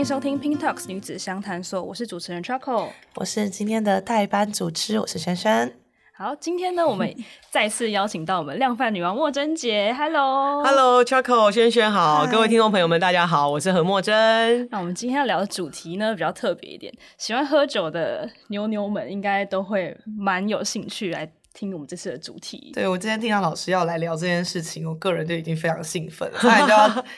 歡迎收聽《PinkTalks 女子相談所》，我是主持人 Chuckle，我是今天的代班主持，我是萱萱。好，今天呢，我們再次邀請到我們量販女王默真姐。Hello，Hello，Chuckle，萱萱好，Hi，各位聽眾朋友們，大家好，我是何默真。那我們今天要聊的主題呢，比較特別一點，喜歡喝酒的妞妞們應該都會蠻有興趣來。聽我們這次的主題，對，我今天聽到老師要來聊這件事情，我個人就已經非常興奮了。所以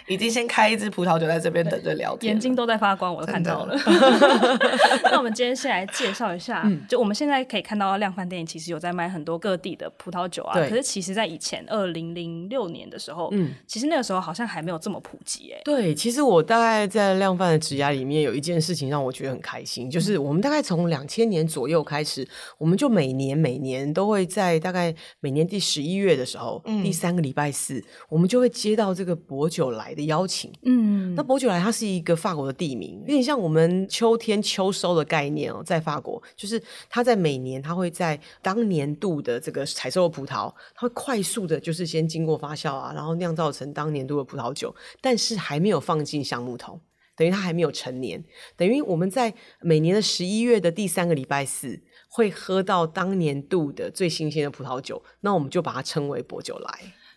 就已經先開一支葡萄酒在這邊等着聊天，眼睛都在發光，我都看到了。 那我們今天先來介紹一下，嗯、就我們現在可以看到量販店其實有在賣很多各地的葡萄酒啊，可是其實在以前二零零六年的時候，嗯，其實那個時候好像還沒有這麼普及。對，其實我大概在量販的職涯裡面有一件事情讓我覺得很開心，嗯，就是我們大概從兩千年左右開始，我們就每年每年都會。在大概每年第十一月的時候，嗯、第三個禮拜四，我們就會接到這個薄酒萊的邀請。嗯，那薄酒萊，它是一個法國的地名，有點像我們秋天秋收的概念哦、喔，在法國，就是它在每年，它會在當年度的這個採收的葡萄，它會快速的，就是先經過發酵啊，然後釀造成當年度的葡萄酒，但是還沒有放進橡木桶，等於它還沒有成年，等於我們在每年的十一月的第三個禮拜四，會喝到當年度的最新鮮的葡萄酒，那我們就把它稱為“薄酒萊”。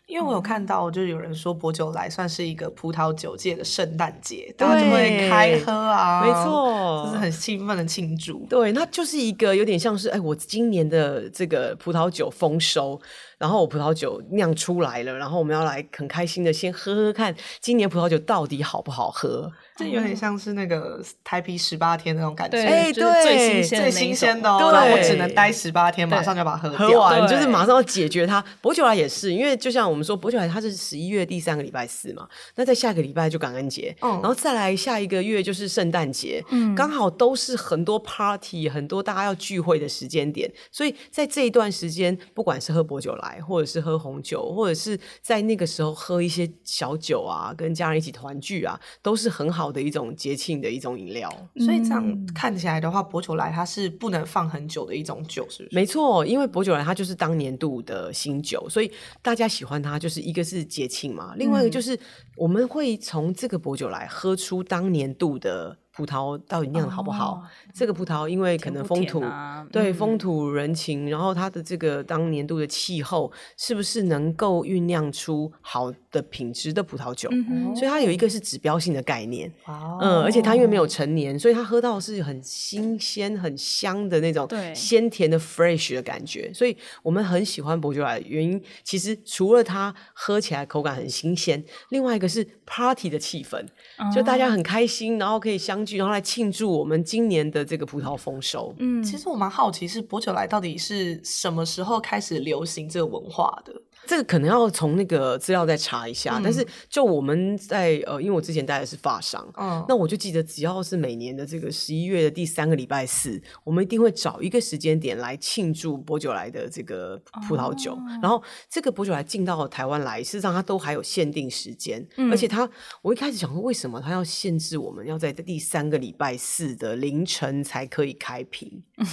因為我有看到，就是有人說“薄酒萊”算是一個葡萄酒界的聖誕節，嗯、大家就會開喝啊，沒錯，就是很興奮的慶祝。對，那就是一個有點像是，哎，我今年的這個葡萄酒豐收，然後我葡萄酒釀出來了，然後我們要來很開心的先喝喝看，今年葡萄酒到底好不好喝。這有點像是那個台啤十八天那種感覺，哎，對，就是、最新、鮮的、喔。對，對我只能待十八天，馬上就把它喝對喝完，就是馬上要解決它對。薄酒萊也是，因為就像我們說，薄酒萊它是十一月第三個禮拜四嘛，那在下個禮拜就感恩節，嗯，然後再來下一個月就是聖誕節，嗯，剛好都是很多 party、很多大家要聚會的時間點，所以在這一段時間，不管是喝薄酒萊，或者是喝紅酒，或者是在那個時候喝一些小酒啊，跟家人一起團聚啊，都是很好。好的一種節慶的一種飲料，嗯，所以這樣看起來的話，薄酒萊它是不能放很久的一種酒，是不是？沒錯，因為薄酒萊它就是當年度的新酒，所以大家喜歡它，就是一個是節慶嘛，嗯，另外一個就是我們會從這個薄酒萊喝出當年度的葡萄到底釀的好不好。哦，這個葡萄因為可能風土，天天啊，對，嗯，風土人情，然後它的這個當年度的氣候是不是能夠醞釀出好？的品質的葡萄酒、嗯，所以它有一個是指標性的概念，嗯、哦呃，而且它因為沒有陳年，所以它喝到是很新鮮、很香的那種，對，鮮甜的 fresh 的感覺。所以我們很喜歡薄酒萊的原因，其實除了它喝起來口感很新鮮，另外一個是 party 的氣氛，哦，就大家很開心，然後可以相聚，然後來慶祝我們今年的這個葡萄豐收。嗯，其實我蠻好奇是，是薄酒萊到底是什麼時候開始流行這個文化的？這個可能要從那個資料再查一下，嗯、但是就我們在呃，因為我之前待的是發商、哦，那我就記得只要是每年的這個十一月的第三個禮拜四，我們一定會找一個時間點來慶祝薄酒萊的這個葡萄酒。哦、然後這個薄酒萊進到台灣來，事實上它都還有限定時間，嗯、而且它我一開始想說為什麼它要限制我們要在第三個禮拜四的凌晨才可以開瓶。嗯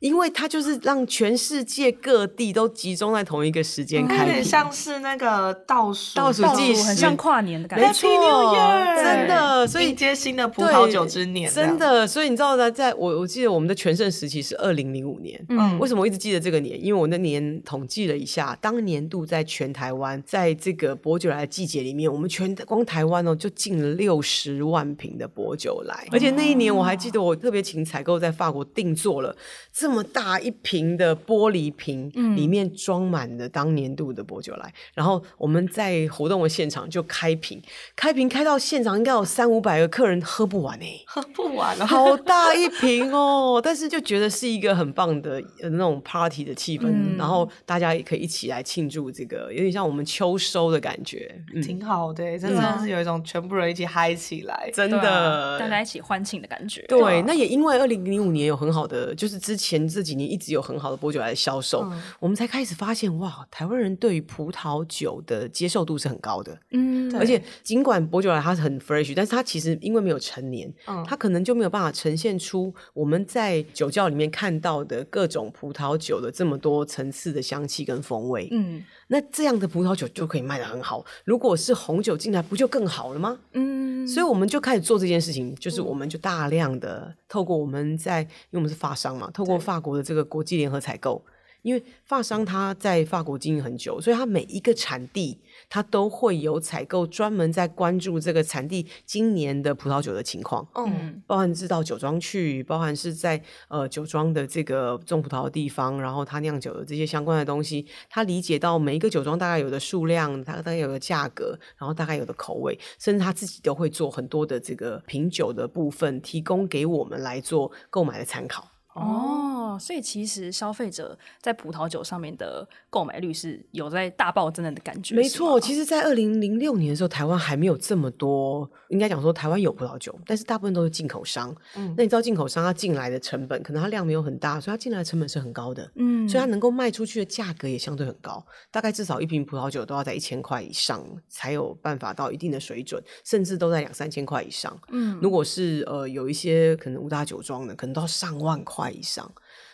因為它就是讓全世界各地都集中在同一個時間開，有、嗯、點像是那個倒數倒數計時，很像跨年的感覺，沒錯，真的。所以接新的葡萄酒之年，真的。所以，所以，所以你知道的，在我我記得我們的全盛時期是二零零五年。嗯，為什麼我一直記得這個年？因為我那年統計了一下，當年度在全台灣在這個薄酒萊的季節裡面，我們全光台灣哦、喔、就進了六十萬瓶的薄酒萊，嗯，而且那一年我還記得我特別請採購在法國定做了。這麼大一瓶的玻璃瓶，裡面裝滿了當年度的薄酒萊，然後我們在活動的現場就開瓶，開瓶開到現場應該有三五百個客人喝不完哎，喝不完，好大一瓶哦、喔！但是就覺得是一個很棒的那種 party 的氣氛，然後大家也可以一起來慶祝這個，有點像我們秋收的感覺、嗯，挺好的、欸。真的是有一種全部人一起嗨起來，真的、啊、大家一起歡慶的感覺對、啊。對，那也因為二零零五年有很好的，就是之前。前這幾年一直有很好的薄酒萊銷售、嗯，我們才開始發現哇，台灣人對於葡萄酒的接受度是很高的。嗯，而且儘管薄酒萊它是很 fresh，但是它其實因為沒有陳年，它、嗯、可能就沒有辦法呈現出我們在酒窖裡面看到的各種葡萄酒的這麼多層次的香氣跟風味。嗯，那這樣的葡萄酒就可以賣得很好。如果是紅酒進來，不就更好了嗎？嗯。所以，我們就開始做這件事情，就是我們就大量的透過我們在，嗯、因為我們是法商嘛，透過法國的這個國際聯合採購。因為法商他在法國經營很久，所以他每一個產地他都會有採購，專門在關注這個產地今年的葡萄酒的情況。嗯，包含是到酒莊去，包含是在呃酒莊的這個種葡萄的地方，然後他釀酒的這些相關的東西，他理解到每一個酒莊大概有的數量，他大概有的價格，然後大概有的口味，甚至他自己都會做很多的這個品酒的部分，提供給我們來做購買的參考。哦，所以其實消費者在葡萄酒上面的購買率是有在大爆增的感覺。沒錯，其實，在二零零六年的時候，台灣還沒有這麼多，應該講說台灣有葡萄酒，但是大部分都是進口商。嗯，那你知道進口商他進來的成本，可能他量沒有很大，所以他進來的成本是很高的。嗯，所以他能夠賣出去的價格也相對很高，大概至少一瓶葡萄酒都要在一千塊以上才有辦法到一定的水準，甚至都在兩三千塊以上。嗯，如果是呃有一些可能五大酒莊的，可能都要上萬塊。以上，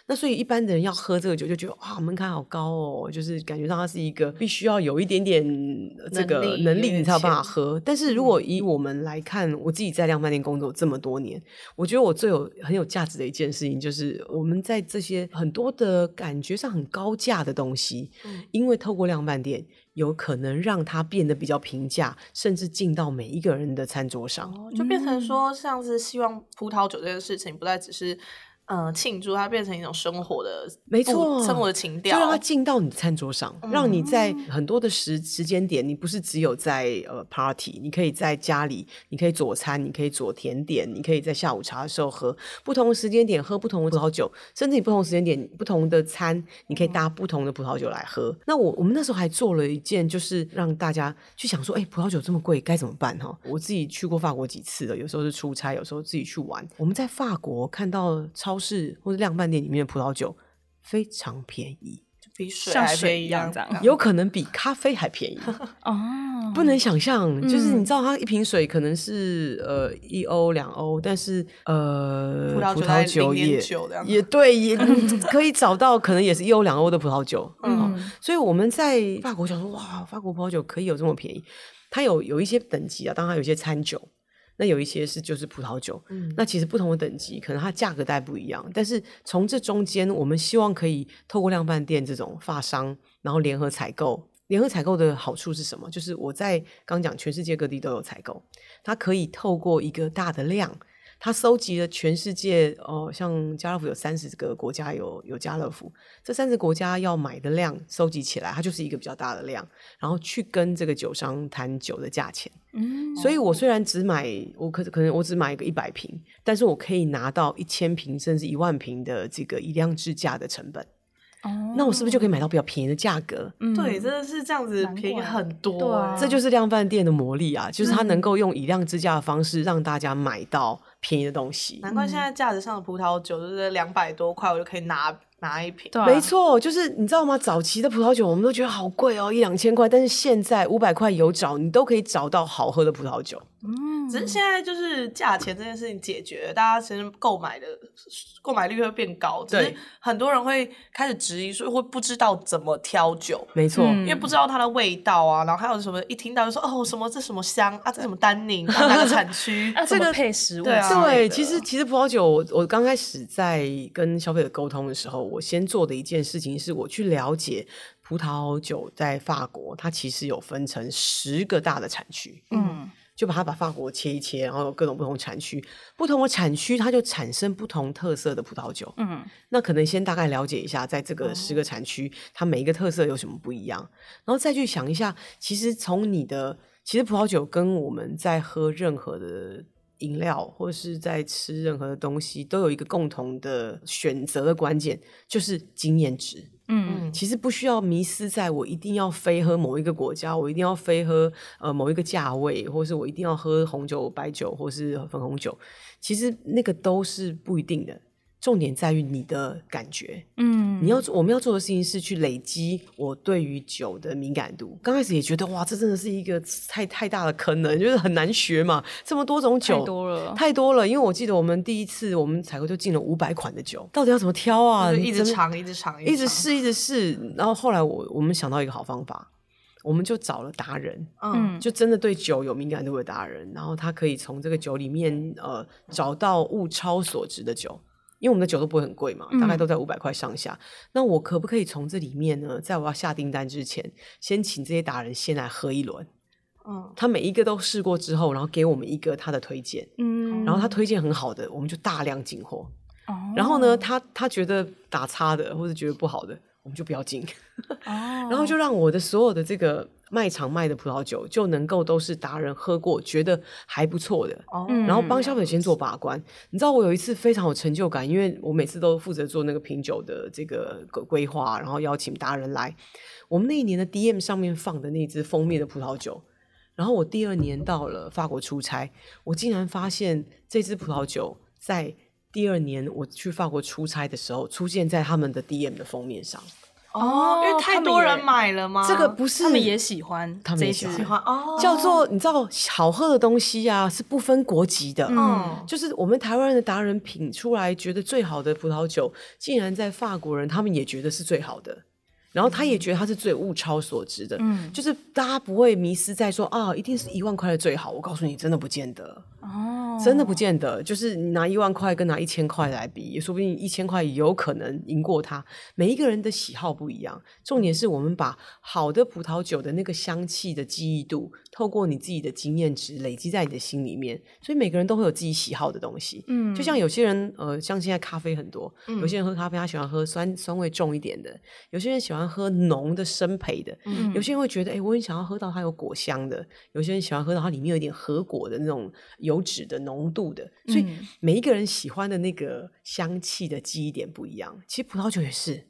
那所以一般的人要喝這個酒就覺得啊門檻好高哦，就是感覺到它，是一個必須要有一點點這個能力你才有辦法喝。但是如果以我們來看，嗯、我自己在量販店工作這麼多年，我覺得我最有很有價值的一件事情，就是我們在這些很多的感覺上很高價的東西，嗯，因為透過量販店有可能讓它變得比較平價，甚至進到每一個人的餐桌上，哦，就變成說像是希望葡萄酒這件事情不再只是。呃、嗯、慶祝它變成一種生活的，沒錯，生活的情調，就讓它進到你的餐桌上、嗯，讓你在很多的時時間點，你不是只有在呃 party，你可以在家裡，你可以佐餐，你可以佐甜點，你可以在下午茶的時候喝，不同的時間點喝不同的葡萄，葡萄酒，甚至你不同時間點不同的餐，你可以搭不同的葡萄酒來喝。嗯、那我我們那時候還做了一件，就是讓大家去想說，哎、欸，葡萄酒這麼貴，該怎麼辦哈？我自己去過法國幾次了，有時候是出差，有時候自己去玩。我們在法國看到超。是，或者量販店裡面的葡萄酒非常便宜，就比水像水一樣 有可能比咖啡還便宜、 oh, 不能想象。Um, 就是你知道，它一瓶水可能是呃一歐兩歐，但是呃葡萄酒，葡萄酒也酒也對，也可以找到可能也是一歐兩歐的葡萄酒。 um, 所以我們在法國想說，哇，法國葡萄酒可以有這麼便宜？它有有一些等級啊，當然有一些餐酒。那有一些是就是葡萄酒，嗯，那其實不同的等級可能它價格帶不一樣，但是從這中間我們希望可以透過量販店這種發商，然後聯合採購，聯合採購的好處是什麼？就是我在剛講全世界各地都有採購，它可以透過一個大的量。他收集了全世界哦，像家樂福有三十個國家有有家樂福，這三十國家要買的量收集起來，它就是一個比較大的量，然後去跟這個酒商談酒的價錢。嗯，所以我雖然只買我可可能我只買一個一百瓶，但是我可以拿到一千瓶甚至一萬瓶的這個以量制價的成本。 那我是不是就可以買到比較便宜的價格嗯？對，真的是這樣子便宜很多。對，啊，這就是量販店的魔力啊，就是它能夠用以量制價的方式讓大家買到便宜的東西。嗯，難怪現在架子上的葡萄酒就是兩百多塊，我就可以拿拿一瓶。啊，沒錯，就是你知道嗎？早期的葡萄酒我們都覺得好貴哦，喔，一兩千塊，但是現在五百塊有找，你都可以找到好喝的葡萄酒。嗯，只是現在就是價錢這件事情解決了，大家其實購買的購買率會變高。對，很多人會開始質疑，所以會不知道怎麼挑酒，沒錯、嗯，因為不知道它的味道啊，然後還有什麼，一聽到就說哦，什麼這什麼香啊，這什麼單寧、啊，哪個產區， 啊、這個配食物啊。對，欸對，其實其實葡萄酒，我剛開始在跟消費者溝通的時候，我先做的一件事情是，我去了解葡萄酒在法國，它其實有分成十個大的產區。嗯。就把它把法國切一切，然後各種不同產區，不同的產區它就產生不同特色的葡萄酒。嗯，那可能先大概了解一下，在這個十個產區，它每一個特色有什麼不一樣，然後再去想一下，其實從你的，其實葡萄酒跟我們在喝任何的飲料或是在吃任何的東西，都有一個共同的選擇的關鍵，就是經驗值。嗯，其實不需要迷失在我一定要非喝某一個國家，我一定要非喝呃某一個價位，或是我一定要喝紅酒、白酒，或是粉紅酒，其實那個都是不一定的。重點在於你的感覺，嗯，你要做我們要做的事情是去累積我對於酒的敏感度。剛開始也覺得哇，這真的是一個太太大的可能坑了，就是很難學嘛，這麼多種酒，太多了，太多了。因為我記得我們第一次我們採購就進了五百款的酒，到底要怎麼挑啊？就是、一直嘗，一直嘗，一直試，一直試。然後後來我我們想到一個好方法，我們就找了達人，嗯，就真的對酒有敏感度的達人，然後他可以從這個酒裡面、嗯、呃找到物超所值的酒。因為我們的酒都不會很貴嘛，大概都在五百塊上下，嗯。那我可不可以從這裡面呢，在我要下訂單之前，先請這些達人先來喝一輪，嗯？他每一個都試過之後，然後給我們一個他的推薦，嗯。然後他推薦很好的，我們就大量進貨，哦。然後呢，他他覺得打差的或者覺得不好的，我們就不要進。 然後就讓我的所有的這個。賣場賣的葡萄酒就能夠都是達人喝過覺得還不錯的，oh, 然後幫小粉先做把關、嗯。你知道我有一次非常有成就感，因為我每次都負責做那個品酒的這個規劃，然後邀請達人來。我們那一年的 DM 上面放的那支封面的葡萄酒，然後我第二年到了法國出差，我竟然發現這支葡萄酒在第二年我去法國出差的時候，出現在他們的 DM 的封面上。哦，因為太多人買了嘛？這個不是，他們也喜歡，他們也喜歡哦。叫做你知道，好喝的東西啊，是不分國籍的。嗯，就是我們台灣人的達人品出來覺得最好的葡萄酒，竟然在法國人他們也覺得是最好的，然後他也覺得他是最物超所值的。嗯，就是大家不會迷失在說啊，一定是一萬塊的最好。我告訴你，真的不見得哦。真的不見得，就是你拿一萬塊跟拿一千塊來比，也說不定一千塊有可能贏過他。每一個人的喜好不一樣，重點是我們把好的葡萄酒的那個香氣的記憶度，透過你自己的經驗值累積在你的心裡面，所以每個人都會有自己喜好的東西。嗯，就像有些人呃，像現在咖啡很多，有些人喝咖啡他喜歡喝酸酸味重一點的，有些人喜歡喝濃的深焙的，有些人會覺得哎、欸，我很想要喝到它有果香的，有些人喜歡喝到它裡面有一點核果的那種油脂的，濃度的，所以每一個人喜歡的那個香氣的記憶點不一樣，其實葡萄酒也是。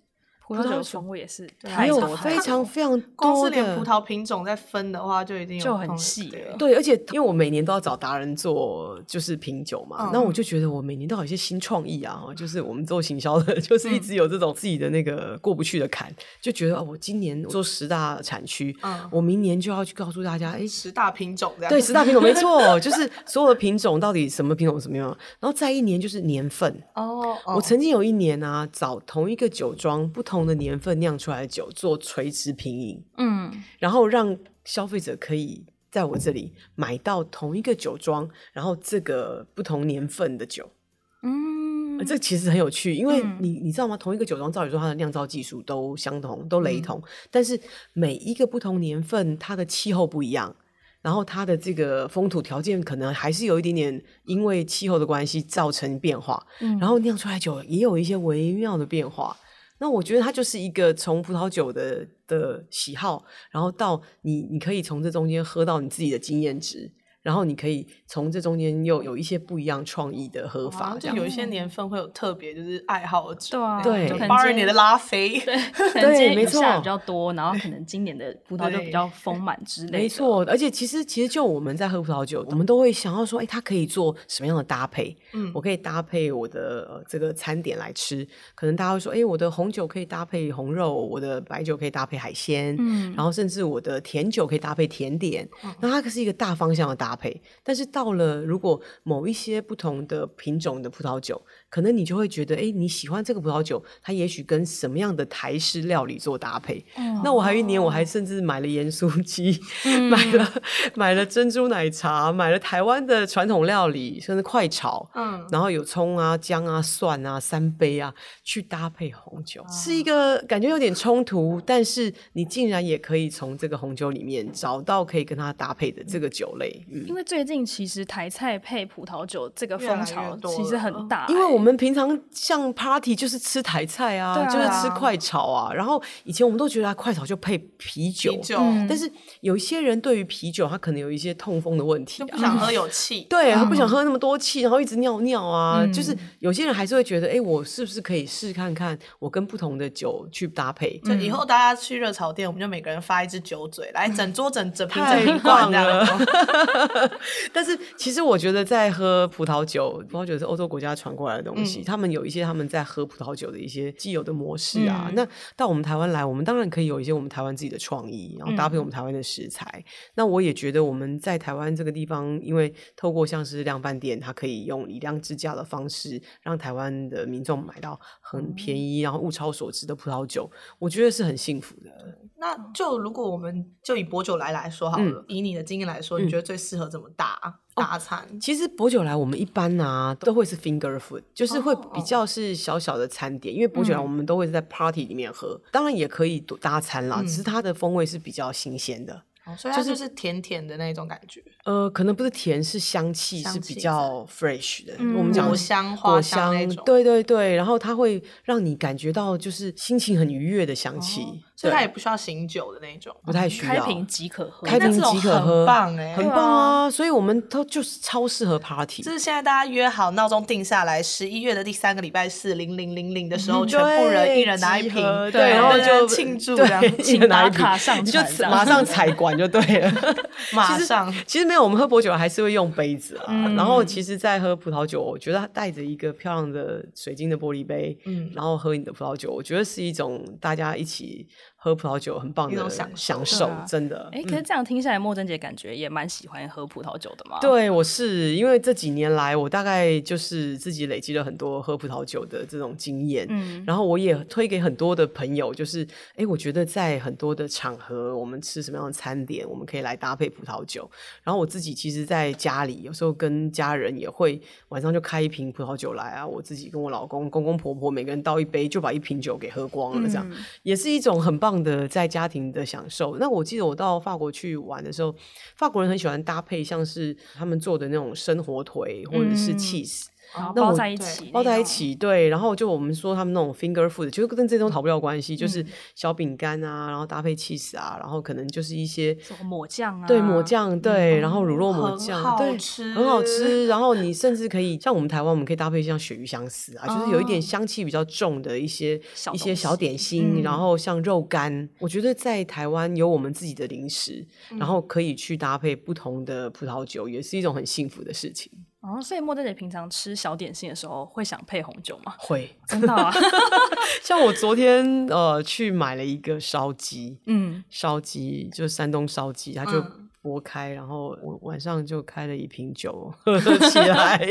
葡萄紅，我也是。還、啊、有非常非常多公司連葡萄品種在分的話就一定，就已經有很細了。對，而且因為我每年都要找達人做，就是品酒嘛，那、嗯、我就覺得我每年都有一些新創意啊、嗯。就是我們做行銷的，就是一直有這種自己的那個過不去的坎，嗯、就覺得哦，我今年做十大產區、嗯，我明年就要去告訴大家，哎、欸，十大品種，這樣對，十大品種沒錯， 就是所有的品種到底什麼品種怎麼樣。然後再一年就是年份哦，哦。我曾經有一年啊，找同一個酒莊不同。不同的年份釀出來的酒做垂直品飲，嗯，然後讓消費者可以在我這裡買到同一個酒莊，然後這個不同年份的酒，嗯，這其實很有趣，因為你你知道嗎？嗯，同一個酒莊，照理說它的釀造技術都相同，都雷同，嗯、但是每一個不同年份，它的氣候不一樣，然後它的這個風土條件可能還是有一點點因為氣候的關係造成變化，嗯、然後釀出來的酒也有一些微妙的變化。那我覺得它就是一個從葡萄酒的的喜好，然後到你，你可以從這中間喝到你自己的經驗值。然後你可以從這中間又有一些不一樣創意的喝法，這樣、啊、就有一些年份會有特別，就是愛好的、嗯、對、啊、就對，八二年的拉菲，對對，沒錯，比較多， 然後可能今年的葡萄就比較豐滿之類的，沒錯。而且其實其實就我們在喝葡萄酒，我們都會想要說，哎，它可以做什麼樣的搭配？嗯，我可以搭配我的這個餐點來吃。可能大家會說，哎，我的紅酒可以搭配紅肉，我的白酒可以搭配海鮮，嗯，然後甚至我的甜酒可以搭配甜點。那、嗯、它可是一個大方向的搭配。搭配，但是到了如果某一些不同的品種的葡萄酒，可能你就會覺得，哎、欸，你喜歡這個葡萄酒，它也許跟什麼樣的台式料理做搭配？嗯、那我還有一年，我還甚至買了鹽酥雞、嗯，買了買了珍珠奶茶，買了台灣的傳統料理，甚至快炒，嗯，然後有蔥啊、薑啊、蒜啊、三杯啊，去搭配紅酒，嗯、是一個感覺有點衝突，但是你竟然也可以從這個紅酒裡面找到可以跟它搭配的這個酒類。因為最近其實台菜配葡萄酒這個風潮其實很大，欸，因為我們平常像 party 就是吃台菜啊，對啊，就是吃快炒啊。然後以前我們都覺得、啊、快炒就配啤酒，啤酒嗯，但是有一些人對於啤酒，他可能有一些痛風的問題、啊，就不想喝有氣、嗯，對、嗯，不想喝那麼多氣，然後一直尿尿啊、嗯。就是有些人還是會覺得，哎、欸，我是不是可以試看看，我跟不同的酒去搭配？就以後大家去熱炒店，我們就每個人發一支酒嘴來，整桌整、嗯、整一瓶一瓶灌這樣 但是，其實我覺得在喝葡萄酒，葡萄酒是歐洲國家傳過來的東西、嗯。他們有一些他們在喝葡萄酒的一些既有的模式啊。嗯、那到我們台灣來，我們當然可以有一些我們台灣自己的創意，然後搭配我們台灣的食材、嗯。那我也覺得我們在台灣這個地方，因為透過像是量販店，它可以用以量制價的方式，讓台灣的民眾買到很便宜然後物超所值的葡萄酒、嗯，我覺得是很幸福的。那就如果我們就以薄酒萊來說好了，嗯、以你的經驗來說、嗯，你覺得最適合怎麼搭搭餐？哦、其實薄酒萊我們一般啊都會是 finger food，就是會比較是小小的餐點，哦、因為薄酒萊我們都會在 party 裡面喝，嗯、當然也可以搭餐啦、嗯。只是它的風味是比較新鮮的、哦，所以它就是，是甜甜的那種感覺、就是。呃，可能不是甜，是香氣是比較 fresh 的。嗯、我們講果香、花香對，對對對，然後它會讓你感覺到就是心情很愉悅的香氣。哦所以它也不需要醒酒的那種，不太需要。開瓶即可喝，開瓶即可喝，很棒，欸、啊，很棒啊，啊！所以我們都就是超適合 party。就是現在大家約好鬧鐘定下來，十一月的第三個禮拜四零零零零的時候、嗯，全部人一人拿一瓶，對，對，然後就慶、嗯、祝，然後請大家上，就馬上采管就對了。 馬上 其，其實沒有，我們喝薄酒還是會用杯子啦、啊嗯。然後，其實在喝葡萄酒，我覺得它帶着一個漂亮的水晶的玻璃杯、嗯，然後喝你的葡萄酒，我覺得是一種大家一起。喝葡萄酒很棒，的享受享受,享受、啊，真的。哎、欸，可是這樣聽下來，默真姊感覺也蠻喜歡喝葡萄酒的嘛？對，我是因為這幾年來，我大概就是自己累積了很多喝葡萄酒的這種經驗，嗯，然後我也推給很多的朋友，就是，哎、嗯欸，我覺得在很多的場合，我們吃什麼樣的餐點，我們可以來搭配葡萄酒。然後我自己其實，在家裡有時候跟家人也會晚上就開一瓶葡萄酒來啊，我自己跟我老公、公公婆,婆婆每個人倒一杯，就把一瓶酒給喝光了，這樣、嗯、也是一種很棒。放的在家庭的享受。那我記得我到法國去玩的時候，法國人很喜歡搭配，像是他們做的那種生火腿或者是 cheese。嗯包在一起，哦包在一起一，包在一起，對。然後就我們說他們那種 finger food，其實跟這種逃不了關係，嗯，就是小餅乾啊，然後搭配 cheese 啊，然後可能就是一些什麼抹醬啊，對，抹醬，對，嗯、然後乳酪抹醬，對，很好吃，很好吃。然後你甚至可以像我們台灣，我們可以搭配像鱈魚香絲啊，哦，就是有一點香氣比較重的一些一些小點心，嗯，然後像肉乾，我覺得在台灣有我們自己的零食，嗯，然後可以去搭配不同的葡萄酒，也是一種很幸福的事情。哦，所以默大姐，平常吃小點心的時候會想配紅酒嗎？會，真的啊？ 像我昨天呃去買了一個燒雞，嗯，燒雞就是山東燒雞，它就，嗯撥開，然後晚上就開了一瓶酒 喝起來，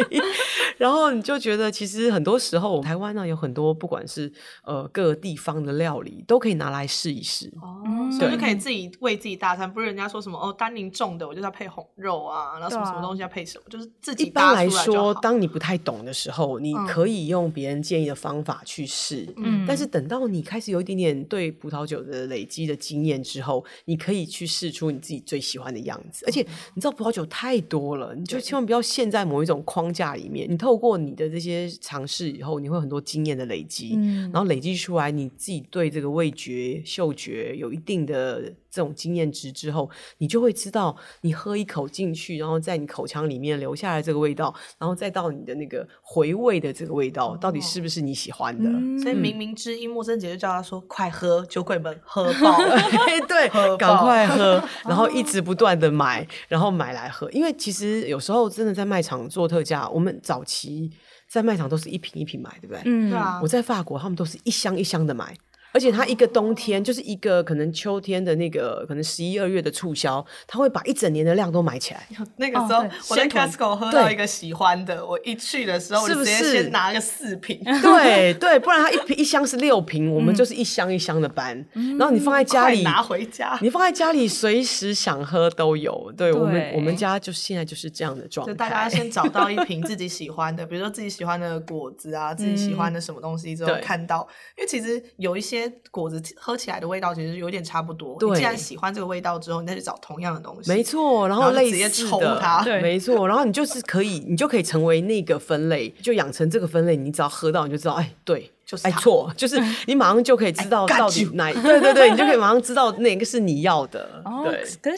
然後你就覺得其實很多時候，台灣呢，有很多，不管是呃各地方的料理，都可以拿來試一試，哦，所以就可以自己餵自己大餐，不是人家說什麼哦，丹寧重的我就要配紅肉啊，啊，然後什麼什麼東西要配什麼。就是自己一般來說，當你不太懂的時候，你可以用別人建議的方法去試，嗯，但是等到你開始有一點點對葡萄酒的累積的經驗之後，你可以去試出你自己最喜歡的。樣子，而且你知道葡萄酒太多了，你就千萬不要陷在某一種框架裡面。你透過你的這些嘗試以後，你會很多經驗的累積，嗯，然後累積出來你自己對這個味覺、嗅覺有一定的。這種經驗值之後，你就會知道，你喝一口進去，然後在你口腔裡面留下來這個味道，然後再到你的那個回味的這個味道，哦、到底是不是你喜歡的？嗯嗯、所以，明明之一，默真姐就叫他說：“快喝，酒鬼們，喝爆了。 」對，趕快喝，然後一直不斷的買、哦，然後買來喝。因為其實有時候真的在賣場做特價，我們早期在賣場都是一瓶一瓶買，對不對？嗯，我在法國，他們都是一箱一箱的買。”而且它一個冬天就是一個可能秋天的那個可能十一二月的促銷，他會把一整年的量都買起來。那個時候、哦、我在 Costco 喝到一個喜歡的，我一去的時候，是不是先拿個四瓶？是是 對對，不然它一瓶一箱是六瓶，我們就是一箱一箱的搬、嗯。然後你放在家裡，、嗯、在家裡拿回家，你放在家裡隨時想喝都有。對，對我們我們家就現在就是這樣的狀態。就大家先找到一瓶自己喜歡的， 比如說自己喜歡的果子啊，自己喜歡的什麼東西之後看到，嗯、對因為其實有一些。果子喝起來的味道其實有點差不多。對，你既然喜歡這個味道之後，你再去找同樣的東西，沒錯，然後,然後直接衝它，沒錯，然後你就是可以， 你就可以成為那個分類，就養成這個分類。你只要喝到，你就知道，哎，對。就哎、是、錯、欸，就是你馬上就可以知道、欸、到底哪、欸、對對對， 你就可以馬上知道哪個是你要的。哦、對，可是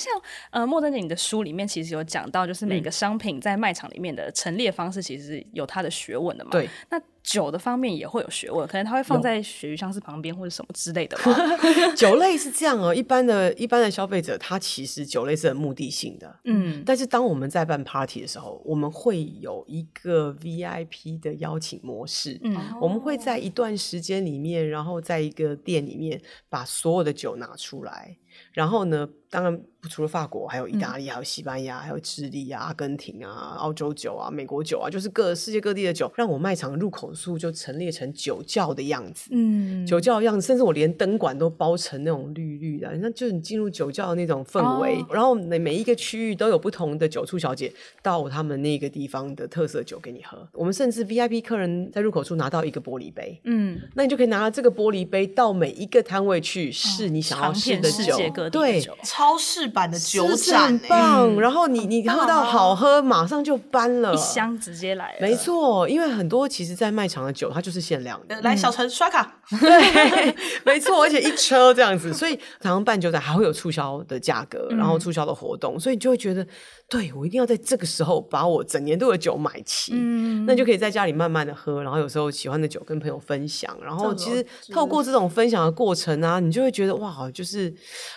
像默真、呃、姐你的書裡面其實有講到，就是每個商品在賣場裡面的陳列方式其實有它的學問的嘛。對、嗯，那酒的方面也會有學問，可能它會放在鱈魚香絲旁邊或者什麼之類的嘛。嗯、 酒類是這樣哦，一般的一般的消費者他其實酒類是很目的性的。嗯，但是當我們在辦 party 的時候，我們會有一個 VIP 的邀請模式。嗯，我們會在一段段時間裡面，然後在一個店裡面把所有的酒拿出來。然後呢？當然，除了法國，還有意大利，還有西班牙，嗯、還有智利啊、阿根廷啊、澳洲酒啊、美國酒啊，就是各世界各地的酒，讓我賣場入口處就陳列成酒窖的樣子。嗯，酒窖的樣子，甚至我連燈管都包成那種綠綠的，那就是你進入酒窖的那種氛圍。哦、然後每每一個區域都有不同的酒促小姐，到他們那個地方的特色酒給你喝。我們甚至 VIP 客人在入口處拿到一個玻璃杯，嗯，那你就可以拿到這個玻璃杯到每一個攤位去試你想要試的、哦、酒。哦。對，超市版的酒展，是很棒，嗯！然後你，哦、你喝到好喝好，哦，馬上就搬了，一箱直接來。沒錯，因為很多其實，在賣場的酒，它就是限量的，呃。來，小陳刷卡。嗯、對 沒錯，而且一車這樣子， 所以常常辦酒展還會有促銷的價格，然後促銷的活動，嗯、所以你就會覺得，對我一定要在這個時候把我整年度的酒買齊，嗯，那就可以在家裡慢慢的喝，然後有時候喜歡的酒跟朋友分享，然後其實透過這種分享的過程啊，你就會覺得哇，就是。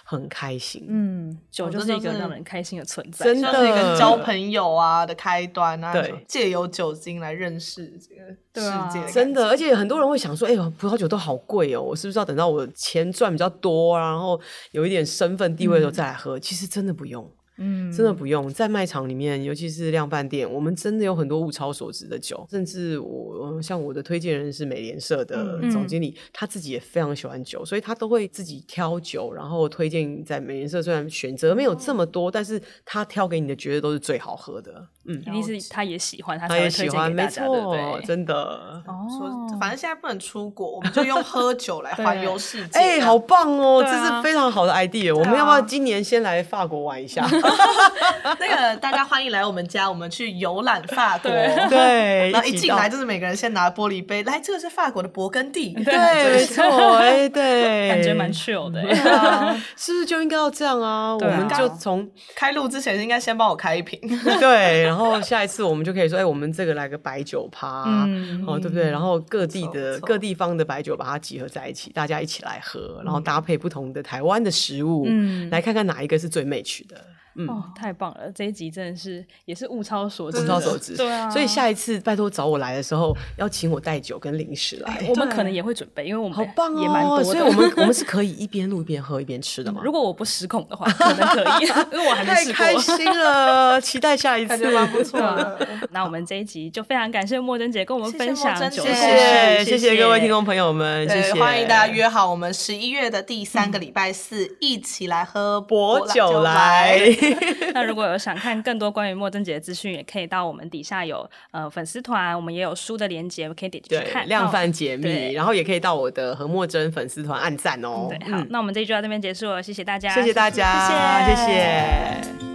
很開心，嗯，酒就是一個讓人開心的存在，真的那一個交朋友啊的，的開端啊，借由酒精來認識這個世界對、啊，真的。而且很多人會想說，哎、欸、呦，葡萄酒都好貴哦，我是不是要等到我錢賺比較多、啊、然後有一點身份地位的時候再來喝、嗯？其實真的不用。嗯，真的不用。在賣場裡面，尤其是量販店，我們真的有很多物超所值的酒。甚至我，像我的推薦人是美聯社的總經理、嗯，他自己也非常喜歡酒，所以他都會自己挑酒，然後推薦在美聯社。雖然選擇沒有這麼多、嗯，但是他挑給你的絕對都是最好喝的。嗯，一定是他也喜歡，他，他也喜歡，沒錯，真的哦。反正現在不能出國， 我們就用喝酒來環遊世界。哎、欸，好棒哦、喔啊，這是非常好的 idea、啊。我們要不要今年先來法國玩一下？ 那個大家歡迎來我們家，我們去遊覽法國。對，然後一進來就是每個人先拿玻璃杯來，這個是法國的勃艮第。對，沒錯，對，感覺蠻 chill 的、欸啊，是不是就應該要這樣啊？啊我們就從、啊、開錄之前是應該先幫我開一瓶。對，然後下一次我們就可以說，哎、 欸，我們這個來個白酒趴，哦、嗯，對不對？然後各地的各地方的白酒把它集合在一起、嗯，大家一起來喝，然後搭配不同的台灣的食物、嗯，來看看哪一個是最 match 的。嗯、哦，太棒了！這一集真的是也是物超所值，物超所值。對啊，所以下一次拜託找我來的時候，要請我帶酒跟零食來。我們可能也會準備，因為我們好棒哦，也蠻多，所以我們 我們是可以一邊錄一邊喝一邊吃的嘛、嗯。如果我不失控的話， 可能可以。因為我還沒試過。太開心了，期待下一次， 不錯、 啊。那我們這一集就非常感謝默真姐跟我們分享酒，謝謝謝謝，謝，謝，謝，謝，謝，謝各位聽眾朋友們，謝謝，歡迎大家約好我們十一月的第三個禮拜四、嗯、一起來喝薄酒萊。 那如果有想看更多關於默真姐的資訊，也可以到我們底下有呃粉絲團，我們也有書的鏈接可以點擊去看，對，量販解密，哦，然後也可以到我的何默真粉絲團按讚哦。對，好，嗯，那我們這一集到這邊結束了，謝謝大家，謝謝大家，謝謝。謝謝謝謝